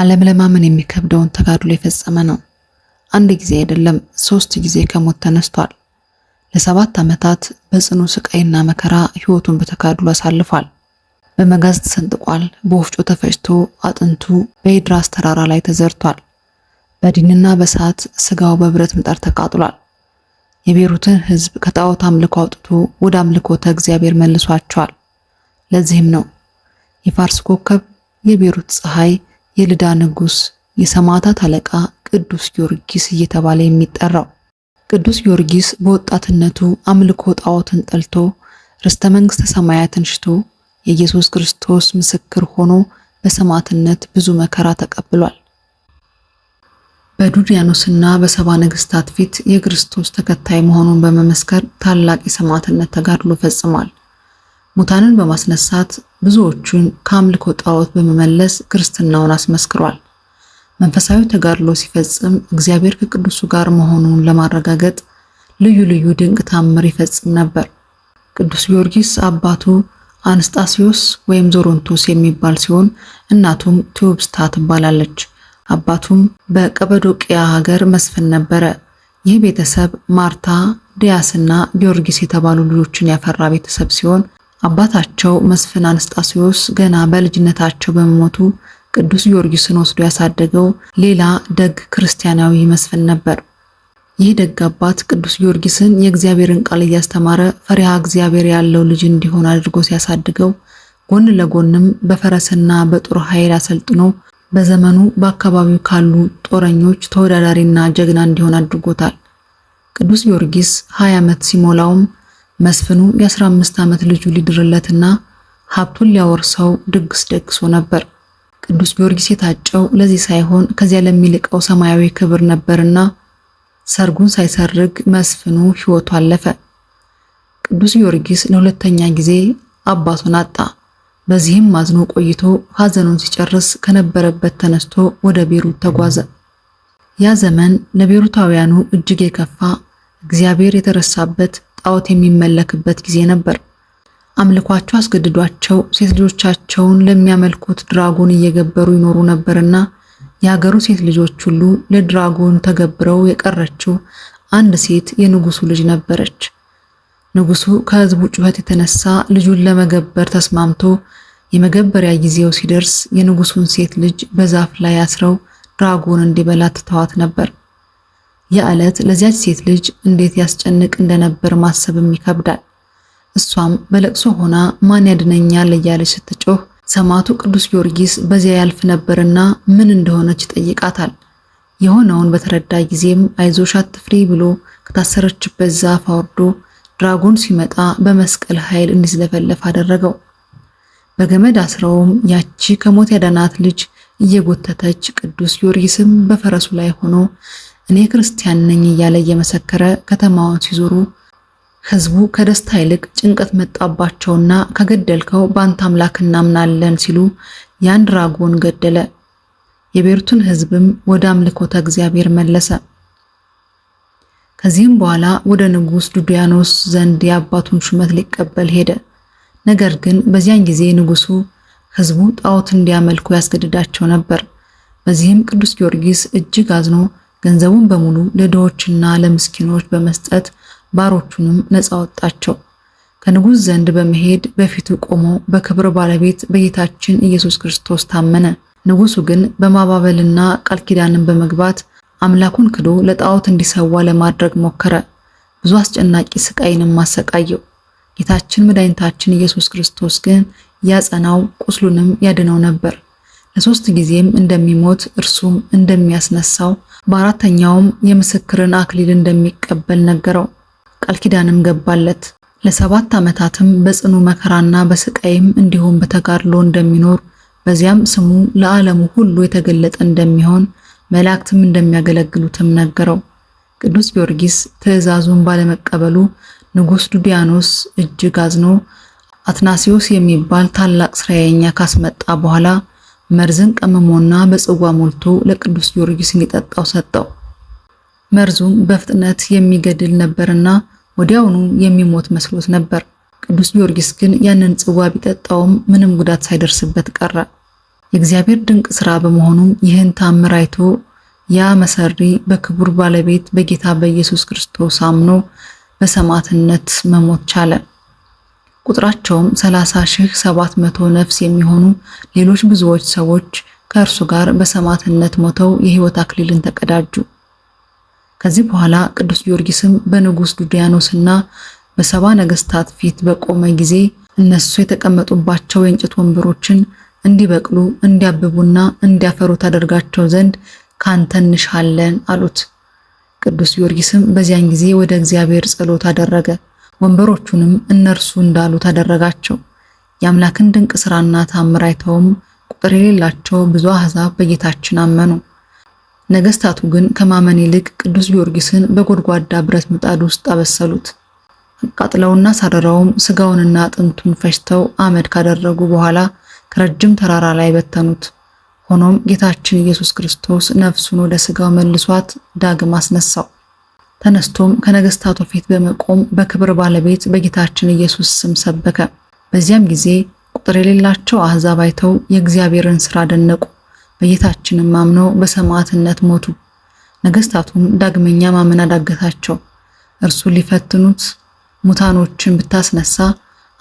ዓለም ለማመን የሚከብደውን ተጋድሎ የፈጸመ ነው። አንድ ጊዜ አይደለም ሶስት ጊዜ ከሞት ተነስቷል። ለሰባት ዓመታት በጽኑ ስቃይና መከራ ህይወቱን በተጋድሎ አሳልፏል። በመጋዝ ተሰንጥቋል። በወፍጮ ተፈጭቶ አጥንቱ በኢድራስ ተራራ ላይ ተዘርቷል። በዲንና በሰዓት ስጋው በብረት ምጣድ ተቃጥሏል። የቤሩትን ህዝብ ከጣዖት አምልኮ አውጥቶ ወደ አምልኮተ እግዚአብሔር መልሷቸዋል። ለዚህም ነው የፋርስ ኮከብ የቤሩት ፀሐይ የልዳ ንጉስ የሰማዕታት አለቃ ቅዱስ ጊዮርጊስ እየተባለ የሚጠራው። ቅዱስ ጊዮርጊስ በወጣትነቱ አምልኮ ጣዖትን ጠልቶ ርስተ መንግስተ ሰማያትን ሽቶ የኢየሱስ ክርስቶስ ምስክር ሆኖ በሰማዕትነት ብዙ መከራ ተቀብሏል። በዱድያኖስና በሰባ ነገስታት ፊት የክርስቶስ ተከታይ መሆኑን በመመስከር ታላቅ የሰማዕትነት ተጋድሎ ፈጽሟል። ሙታንን በማስነሳት ብዙዎቹን ከአምልኮ ጣዖት በመመለስ ክርስትናውን አስመስክሯል። መንፈሳዊ ተጋድሎ ሲፈጽም እግዚአብሔር ከቅዱሱ ጋር መሆኑን ለማረጋገጥ ልዩ ልዩ ድንቅ ታምር ይፈጽም ነበር። ቅዱስ ጊዮርጊስ አባቱ አንስጣሲዮስ ወይም ዞሮንቶስ የሚባል ሲሆን እናቱም ቴዎብስታ ትባላለች። አባቱም በቀበዶቅያ ሀገር መስፍን ነበረ። ይህ ቤተሰብ ማርታ፣ ዲያስና ጊዮርጊስ የተባሉ ልጆችን ያፈራ ቤተሰብ ሲሆን አባታቸው መስፍን አንስጣስዮስ ገና በልጅነታቸው በመሞቱ ቅዱስ ጊዮርጊስን ወስዶ ያሳደገው ሌላ ደግ ክርስቲያናዊ መስፍን ነበር። ይህ ደግ አባት ቅዱስ ጊዮርጊስን የእግዚአብሔርን ቃል እያስተማረ ፈሪሃ እግዚአብሔር ያለው ልጅ እንዲሆን አድርጎ ሲያሳድገው ጎን ለጎንም በፈረስና በጦር ኃይል አሰልጥኖ በዘመኑ በአካባቢው ካሉ ጦረኞች ተወዳዳሪና ጀግና እንዲሆን አድርጎታል። ቅዱስ ጊዮርጊስ 20 ዓመት ሲሞላውም መስፍኑ የ15 ዓመት ልጁ ሊድርለትና ሀብቱን ሊያወርሰው ድግስ ደግሶ ነበር። ቅዱስ ጊዮርጊስ የታጨው ለዚህ ሳይሆን ከዚያ ለሚልቀው ሰማያዊ ክብር ነበርና ሰርጉን ሳይሰርግ መስፍኑ ሕይወቱ አለፈ። ቅዱስ ጊዮርጊስ ለሁለተኛ ጊዜ አባቱን አጣ። በዚህም አዝኖ ቆይቶ ሐዘኑን ሲጨርስ ከነበረበት ተነስቶ ወደ ቤሩት ተጓዘ። ያ ዘመን ለቤሩታውያኑ እጅግ የከፋ እግዚአብሔር የተረሳበት ጣዖት የሚመለክበት ጊዜ ነበር። አምልኳቸው አስገድዷቸው ሴት ልጆቻቸውን ለሚያመልኩት ድራጎን እየገበሩ ይኖሩ ነበርና የሀገሩ ሴት ልጆች ሁሉ ለድራጎን ተገብረው የቀረችው አንድ ሴት የንጉሱ ልጅ ነበረች። ንጉሱ ከህዝቡ ጩኸት የተነሳ ልጁን ለመገበር ተስማምቶ የመገበሪያ ጊዜው ሲደርስ የንጉሱን ሴት ልጅ በዛፍ ላይ አስረው ድራጎን እንዲበላ ትተዋት ነበር። ያ ዕለት ለዚያች ሴት ልጅ እንዴት ያስጨንቅ እንደነበር ማሰብም ይከብዳል። እሷም በለቅሶ ሆና ማን ያድነኛል እያለች ስትጮህ ሰማዕቱ ቅዱስ ጊዮርጊስ በዚያ ያልፍ ነበርና ምን እንደሆነች ይጠይቃታል። የሆነውን በተረዳ ጊዜም አይዞሽ አትፍሪ ብሎ ከታሰረችበት ዛፍ አውርዶ ድራጎን ሲመጣ በመስቀል ኃይል እንዲዝለፈለፍ አደረገው። በገመድ አስረውም ያቺ ከሞት ያዳናት ልጅ እየጎተተች ቅዱስ ጊዮርጊስም በፈረሱ ላይ ሆኖ እኔ ክርስቲያን ነኝ እያለ እየመሰከረ ከተማውን ሲዞሩ ህዝቡ ከደስታ ይልቅ ጭንቀት መጣባቸውና ከገደልከው በአንተ አምላክ እናምናለን ሲሉ ያን ድራጎን ገደለ። የቤርቱን ህዝብም ወደ አምልኮተ እግዚአብሔር መለሰ። ከዚህም በኋላ ወደ ንጉስ ዱዲያኖስ ዘንድ የአባቱን ሹመት ሊቀበል ሄደ። ነገር ግን በዚያን ጊዜ ንጉሱ ህዝቡ ጣዖት እንዲያመልኩ ያስገድዳቸው ነበር። በዚህም ቅዱስ ጊዮርጊስ እጅግ አዝኖ ገንዘቡን በሙሉ ለድሆችና ለምስኪኖች በመስጠት ባሮቹንም ነፃ ወጣቸው። ከንጉሥ ዘንድ በመሄድ በፊቱ ቆሞ በክብር ባለቤት በጌታችን ኢየሱስ ክርስቶስ ታመነ። ንጉሡ ግን በማባበልና ቃል ኪዳንን በመግባት አምላኩን ክዶ ለጣዖት እንዲሰዋ ለማድረግ ሞከረ። ብዙ አስጨናቂ ስቃይንም አሰቃየው። ጌታችን መድኃኒታችን ኢየሱስ ክርስቶስ ግን ያጸናው፣ ቁስሉንም ያድነው ነበር። ለሶስት ጊዜም እንደሚሞት እርሱም እንደሚያስነሳው በአራተኛውም የምስክርን አክሊል እንደሚቀበል ነገረው። ቃል ኪዳንም ገባለት። ለሰባት ዓመታትም በጽኑ መከራና በስቃይም እንዲሁም በተጋድሎ እንደሚኖር በዚያም ስሙ ለዓለሙ ሁሉ የተገለጠ እንደሚሆን መላእክትም እንደሚያገለግሉትም ነገረው። ቅዱስ ጊዮርጊስ ትእዛዙን ባለመቀበሉ ንጉሥ ዱዲያኖስ እጅግ አዝኖ አትናሲዮስ የሚባል ታላቅ ስራየኛ ካስመጣ በኋላ መርዝን ቀመሞና በጽዋ ሞልቶ ለቅዱስ ጊዮርጊስ እንዲጠጣው ሰጠው። መርዙም በፍጥነት የሚገድል ነበርና ወዲያውኑ የሚሞት መስሎት ነበር። ቅዱስ ጊዮርጊስ ግን ያንን ጽዋ ቢጠጣውም ምንም ጉዳት ሳይደርስበት ቀረ። የእግዚአብሔር ድንቅ ሥራ በመሆኑም ይህን ታምር አይቶ ያ መሰሪ በክቡር ባለቤት በጌታ በኢየሱስ ክርስቶስ አምኖ በሰማዕትነት መሞት ቻለ። ቁጥራቸውም 30700 ነፍስ የሚሆኑ ሌሎች ብዙዎች ሰዎች ከእርሱ ጋር በሰማዕትነት ሞተው የሕይወት አክሊልን ተቀዳጁ። ከዚህ በኋላ ቅዱስ ጊዮርጊስም በንጉሥ ዱዲያኖስና በሰባ ነገሥታት ፊት በቆመ ጊዜ እነሱ የተቀመጡባቸው የእንጨት ወንበሮችን እንዲበቅሉ እንዲያብቡና እንዲያፈሩ ታደርጋቸው ዘንድ ካንተ እንሻለን አሉት። ቅዱስ ጊዮርጊስም በዚያን ጊዜ ወደ እግዚአብሔር ጸሎት አደረገ። ወንበሮቹንም እነርሱ እንዳሉ ታደረጋቸው። የአምላክን ድንቅ ሥራና ታምር አይተውም ቁጥር የሌላቸው ብዙ አሕዛብ በጌታችን አመኑ። ነገስታቱ ግን ከማመን ይልቅ ቅዱስ ጊዮርጊስን በጎድጓዳ ብረት ምጣድ ውስጥ አበሰሉት። አቃጥለውና ሳረረውም ስጋውንና አጥንቱን ፈጭተው አመድ ካደረጉ በኋላ ከረጅም ተራራ ላይ በተኑት። ሆኖም ጌታችን ኢየሱስ ክርስቶስ ነፍሱን ወደ ስጋው መልሷት ዳግም አስነሳው። ተነስቶም ከነገስታቱ ፊት በመቆም በክብር ባለቤት በጌታችን ኢየሱስ ስም ሰበከ። በዚያም ጊዜ ቁጥር የሌላቸው አሕዛብ አይተው የእግዚአብሔርን ሥራ ደነቁ፣ በጌታችንም አምነው በሰማዕትነት ሞቱ። ነገስታቱም ዳግመኛ ማመን አዳገታቸው። እርሱ ሊፈትኑት ሙታኖችን ብታስነሳ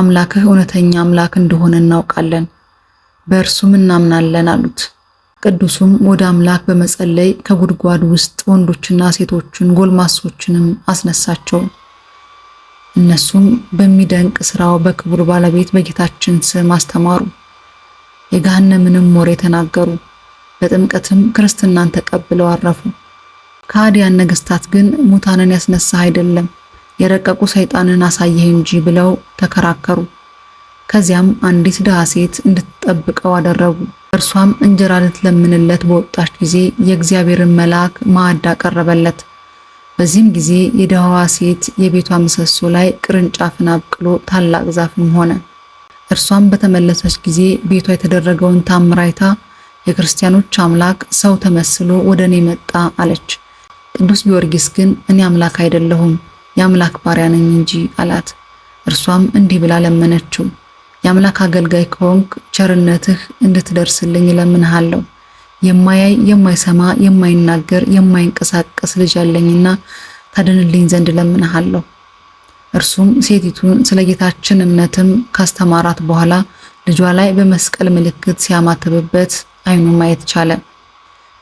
አምላክህ እውነተኛ አምላክ እንደሆነ እናውቃለን፣ በእርሱም እናምናለን አሉት። ቅዱሱም ወደ አምላክ በመጸለይ ከጉድጓድ ውስጥ ወንዶችና ሴቶችን ጎልማሶችንም አስነሳቸው። እነሱም በሚደንቅ ስራው በክቡር ባለቤት በጌታችን ስም አስተማሩ፣ የገሃነምንም ወሬ ተናገሩ። በጥምቀትም ክርስትናን ተቀብለው አረፉ። ከሃዲያን ነገስታት ግን ሙታንን ያስነሳህ አይደለም የረቀቁ ሰይጣንን አሳየህ እንጂ ብለው ተከራከሩ። ከዚያም አንዲት ድሃ ሴት እንድትጠብቀው አደረጉ። እርሷም እንጀራ ልትለምንለት በወጣች ጊዜ የእግዚአብሔርን መልአክ ማዕድ አቀረበለት። በዚህም ጊዜ የደሃዋ ሴት የቤቷ ምሰሶ ላይ ቅርንጫፍን አብቅሎ ታላቅ ዛፍም ሆነ። እርሷም በተመለሰች ጊዜ ቤቷ የተደረገውን ታምራይታ የክርስቲያኖች አምላክ ሰው ተመስሎ ወደ እኔ መጣ አለች። ቅዱስ ጊዮርጊስ ግን እኔ አምላክ አይደለሁም የአምላክ ባሪያ ነኝ እንጂ አላት። እርሷም እንዲህ ብላ ለመነችው። የአምላክ አገልጋይ ከሆንክ ቸርነትህ እንድትደርስልኝ እለምንሃለሁ። የማያይ የማይሰማ የማይናገር የማይንቀሳቀስ ልጅ አለኝና ታድንልኝ ዘንድ እለምንሃለሁ። እርሱም ሴቲቱን ስለ ጌታችን እምነትም ካስተማራት በኋላ ልጇ ላይ በመስቀል ምልክት ሲያማትብበት አይኑ ማየት ቻለ።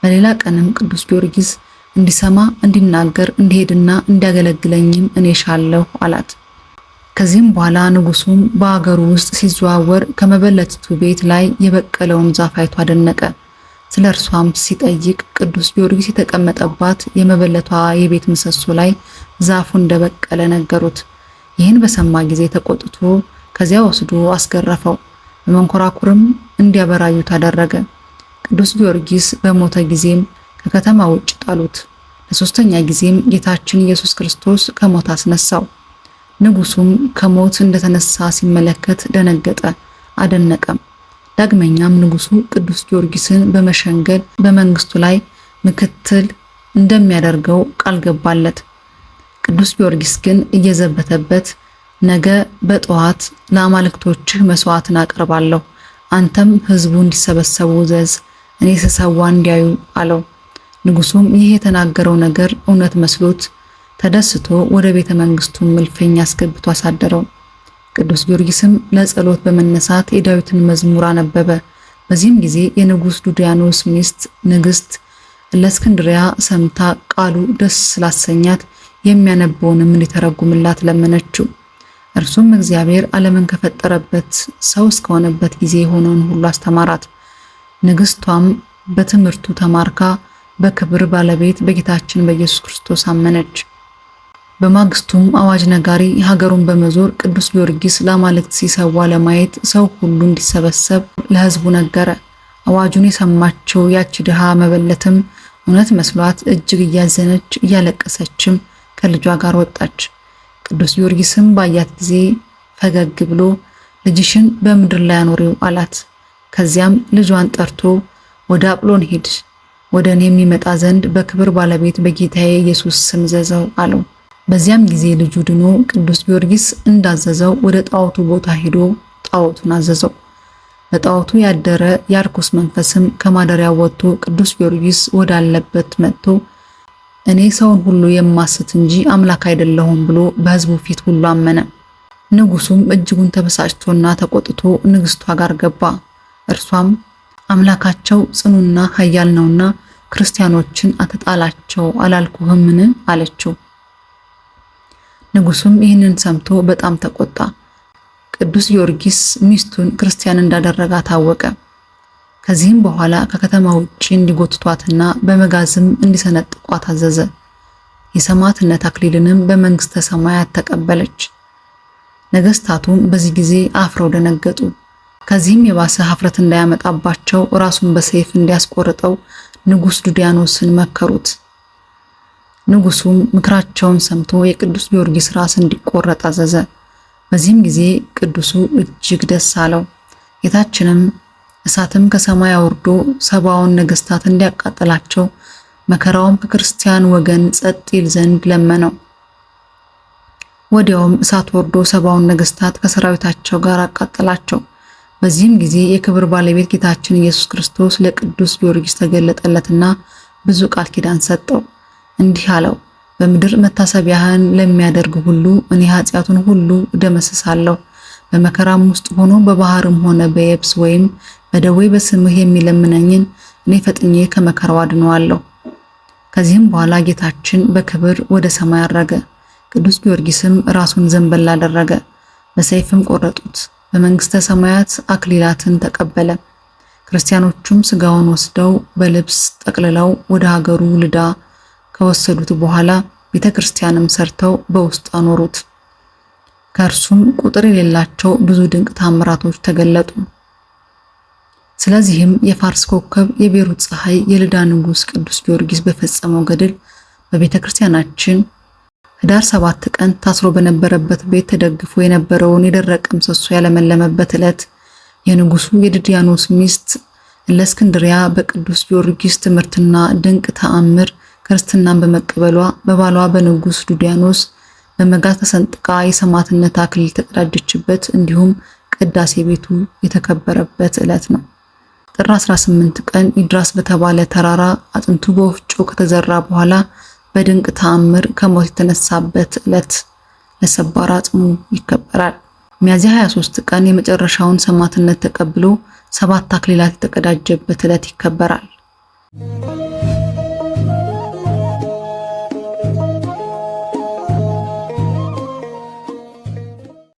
በሌላ ቀንም ቅዱስ ጊዮርጊስ እንዲሰማ እንዲናገር እንዲሄድና እንዲያገለግለኝም እኔ ሻለሁ አላት። ከዚህም በኋላ ንጉሱም በአገሩ ውስጥ ሲዘዋወር ከመበለቲቱ ቤት ላይ የበቀለውን ዛፍ አይቶ አደነቀ። ስለ እርሷም ሲጠይቅ ቅዱስ ጊዮርጊስ የተቀመጠባት የመበለቷ የቤት ምሰሶ ላይ ዛፉ እንደበቀለ ነገሩት። ይህን በሰማ ጊዜ ተቆጥቶ ከዚያ ወስዶ አስገረፈው። በመንኮራኩርም እንዲያበራዩ ታደረገ። ቅዱስ ጊዮርጊስ በሞተ ጊዜም ከከተማ ውጭ ጣሉት። ለሶስተኛ ጊዜም ጌታችን ኢየሱስ ክርስቶስ ከሞት አስነሳው። ንጉሱም ከሞት እንደተነሳ ሲመለከት ደነገጠ፣ አደነቀም። ዳግመኛም ንጉሱ ቅዱስ ጊዮርጊስን በመሸንገል በመንግስቱ ላይ ምክትል እንደሚያደርገው ቃል ገባለት። ቅዱስ ጊዮርጊስ ግን እየዘበተበት ነገ በጠዋት ለአማልክቶችህ መስዋዕትን አቀርባለሁ፣ አንተም ህዝቡ እንዲሰበሰቡ ዘዝ፣ እኔ ስሰዋ እንዲያዩ አለው። ንጉሱም ይህ የተናገረው ነገር እውነት መስሎት ተደስቶ ወደ ቤተ መንግስቱ እልፍኝ አስገብቶ አሳደረው። ቅዱስ ጊዮርጊስም ለጸሎት በመነሳት የዳዊትን መዝሙር አነበበ። በዚህም ጊዜ የንጉሥ ዱዲያኖስ ሚስት ንግስት ለእስክንድሪያ ሰምታ ቃሉ ደስ ስላሰኛት የሚያነበውንም እንዲተረጉምላት ለመነችው። እርሱም እግዚአብሔር ዓለምን ከፈጠረበት ሰው እስከሆነበት ጊዜ የሆነውን ሁሉ አስተማራት። ንግስቷም በትምህርቱ ተማርካ በክብር ባለቤት በጌታችን በኢየሱስ ክርስቶስ አመነች። በማግስቱም አዋጅ ነጋሪ ሀገሩን በመዞር ቅዱስ ጊዮርጊስ ለአማልክት ሲሰዋ ለማየት ሰው ሁሉ እንዲሰበሰብ ለህዝቡ ነገረ። አዋጁን የሰማችው ያቺ ድሃ መበለትም እውነት መስሏት እጅግ እያዘነች እያለቀሰችም ከልጇ ጋር ወጣች። ቅዱስ ጊዮርጊስም ባያት ጊዜ ፈገግ ብሎ ልጅሽን በምድር ላይ አኖሪው አላት። ከዚያም ልጇን ጠርቶ ወደ አጵሎን ሂድ፣ ወደ እኔ የሚመጣ ዘንድ በክብር ባለቤት በጌታዬ ኢየሱስ ስም ዘዘው አለው። በዚያም ጊዜ ልጁ ድኖ ቅዱስ ጊዮርጊስ እንዳዘዘው ወደ ጣዖቱ ቦታ ሄዶ ጣዖቱን አዘዘው። በጣዖቱ ያደረ የአርኩስ መንፈስም ከማደሪያው ወጥቶ ቅዱስ ጊዮርጊስ ወዳለበት መጥቶ እኔ ሰውን ሁሉ የማስት እንጂ አምላክ አይደለሁም ብሎ በሕዝቡ ፊት ሁሉ አመነ። ንጉሱም እጅጉን ተበሳጭቶና ተቆጥቶ ንግስቷ ጋር ገባ። እርሷም አምላካቸው ጽኑና ኃያል ነውና ክርስቲያኖችን አትጣላቸው አላልኩህምን? አለችው። ንጉሱም ይህንን ሰምቶ በጣም ተቆጣ። ቅዱስ ጊዮርጊስ ሚስቱን ክርስቲያን እንዳደረጋ ታወቀ። ከዚህም በኋላ ከከተማ ውጭ እንዲጎትቷትና በመጋዝም እንዲሰነጥቋት አዘዘ። የሰማዕትነት አክሊልንም በመንግስተ ሰማያት ተቀበለች። ነገስታቱም በዚህ ጊዜ አፍረው ደነገጡ። ከዚህም የባሰ ሀፍረት እንዳያመጣባቸው ራሱን በሰይፍ እንዲያስቆርጠው ንጉስ ዱዲያኖስን መከሩት። ንጉሱም ምክራቸውን ሰምቶ የቅዱስ ጊዮርጊስ ራስ እንዲቆረጥ አዘዘ። በዚህም ጊዜ ቅዱሱ እጅግ ደስ አለው። ጌታችንም እሳትም ከሰማይ አውርዶ ሰባውን ነገስታት እንዲያቃጥላቸው መከራውም ከክርስቲያን ወገን ጸጥ ይል ዘንድ ለመነው። ወዲያውም እሳት ወርዶ ሰባውን ነገስታት ከሰራዊታቸው ጋር አቃጠላቸው። በዚህም ጊዜ የክብር ባለቤት ጌታችን ኢየሱስ ክርስቶስ ለቅዱስ ጊዮርጊስ ተገለጠለትና ብዙ ቃል ኪዳን ሰጠው። እንዲህ አለው፣ በምድር መታሰቢያህን ለሚያደርግ ሁሉ እኔ ኃጢአቱን ሁሉ እደመስሳለሁ። በመከራም ውስጥ ሆኖ በባህርም ሆነ በየብስ ወይም በደዌ በስምህ የሚለምነኝን እኔ ፈጥኜ ከመከራው አድነዋለሁ። ከዚህም በኋላ ጌታችን በክብር ወደ ሰማይ አረገ። ቅዱስ ጊዮርጊስም ራሱን ዘንበል አደረገ፣ በሰይፍም ቆረጡት። በመንግስተ ሰማያት አክሊላትን ተቀበለ። ክርስቲያኖቹም ስጋውን ወስደው በልብስ ጠቅልለው ወደ ሀገሩ ልዳ ከወሰዱት በኋላ ቤተ ክርስቲያንም ሰርተው በውስጥ አኖሩት። ከእርሱም ቁጥር የሌላቸው ብዙ ድንቅ ታምራቶች ተገለጡ። ስለዚህም የፋርስ ኮከብ፣ የቤሩት ፀሐይ፣ የልዳ ንጉሥ ቅዱስ ጊዮርጊስ በፈጸመው ገድል በቤተ ክርስቲያናችን ህዳር ሰባት ቀን ታስሮ በነበረበት ቤት ተደግፎ የነበረውን የደረቀ ምሰሶ ያለመለመበት ዕለት የንጉሱ የድዲያኖስ ሚስት እለእስክንድርያ በቅዱስ ጊዮርጊስ ትምህርትና ድንቅ ተአምር ክርስትናን በመቀበሏ በባሏ በንጉስ ዱዲያኖስ በመጋ ተሰንጥቃ የሰማዕትነት አክሊል ተቀዳጀችበት እንዲሁም ቅዳሴ ቤቱ የተከበረበት ዕለት ነው። ጥር 18 ቀን ይድራስ በተባለ ተራራ አጥንቱ በወፍጮ ከተዘራ በኋላ በድንቅ ተአምር ከሞት የተነሳበት ዕለት ለሰባር አጽሙ ይከበራል። ሚያዚያ 23 ቀን የመጨረሻውን ሰማዕትነት ተቀብሎ ሰባት አክሊላት የተቀዳጀበት ዕለት ይከበራል።